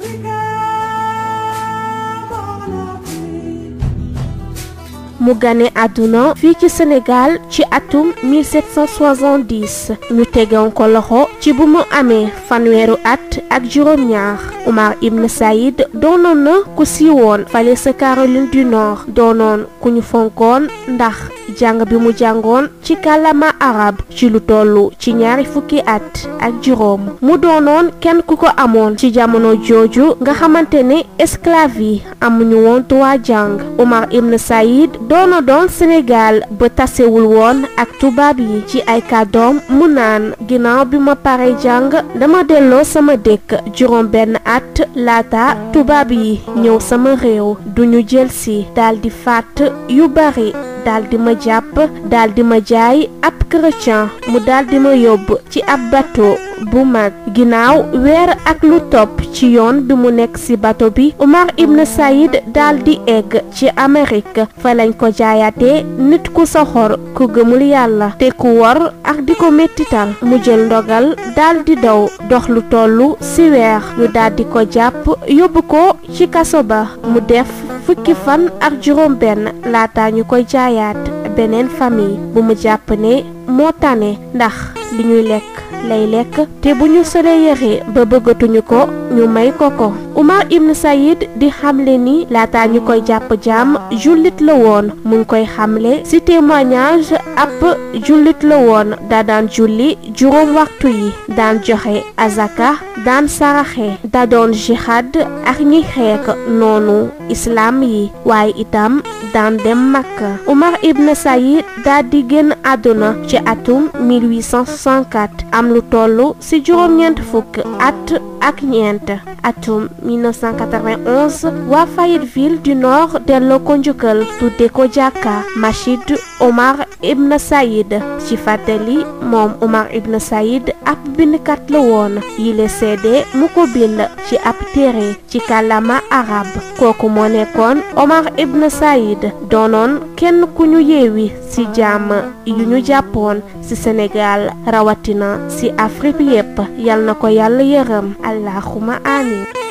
Africa. mu gane àdduna fii ci Sénégal ci atum 1770 ñu tegoon ko loxo ci bu mu amee fanweeru at ak juróom-ñaar Omar Ibn Saïd doonoon na ku siiwoon fale sa Caroline du Nord doonoon ku ñu fonkoon ndax jàng bi mu jàngoon ci kàllaama arab ci lu tollu ci ñaari fukki at ak juróom mu doonoon kenn ku ko amoon ci jamono jooju nga xamante ne esclave yi amuñu woon droit jàng Omar Ibn Saïd doona doon Sénégal ba tasewul woon ak tubaab yi ci ay kaddoom mu naan ginnaaw bi ma pare jàng dama delloo sama dëkk juróom benn at laata tubaab yi ñëw sama réew duñu jëlsi daldi fàtt yu bari daldi ma jàpp daal di ma jaay ab chrétien mu daldi ma yóbbu ci ab bateau bu mag ginnaaw weer ak lu topp ci yoon bi mu nekk ci bateau bi Omar Ibn Saïd daal di egg ci Amérique fa lañ ko jaayaate nit ku soxor ku gëmul yàlla te ku wor ak di ko mettital mu jël ndogal daldi di dox lu tollu ci weer ñu ko jàpp yóbbu ko ci kaso ba mu def fukki fan ak juróom benn laata ñu koy jaayaat beneen famille bu mu jàpp ne moo tane ndax li ñuy lekk lay lekk te bu ñu solee yëre ba bëggatuñu ko ñu may ko ko Umar ibn Sayid di xamle ni laata ñu koy jàpp jaam jullit la woon mu ngi koy xamle ci témoignage ab jullit la woon daa daan julli juróom waxtu yi daan joxe azaka daan saraxe da doon jihad ak ñi xeek noonu islaam yi waaye itam daan dem Makka Umar ibn Sayid daal di génn àdduna ci atum am lu toll ci juróom-ñeent fukk at ak ñeent atum 1991 waa Fayetteville du Nord delloo ko njukkal tuddee ko jàkka Machid Omar Ibn Saïd ci fàttali moom Omar Ibn Saïd ab bindkat la woon yile seede mu ko bind ci ab téere ci kàllaama arab kooku moo nekkoon Omar Ibn Saïd doonoon kenn ku ñu yeewi ci jàmm yu ñu jàppoon ci Sénégal rawatina ci Afrique yépp yal na ko yàlla yërëm allahuma amin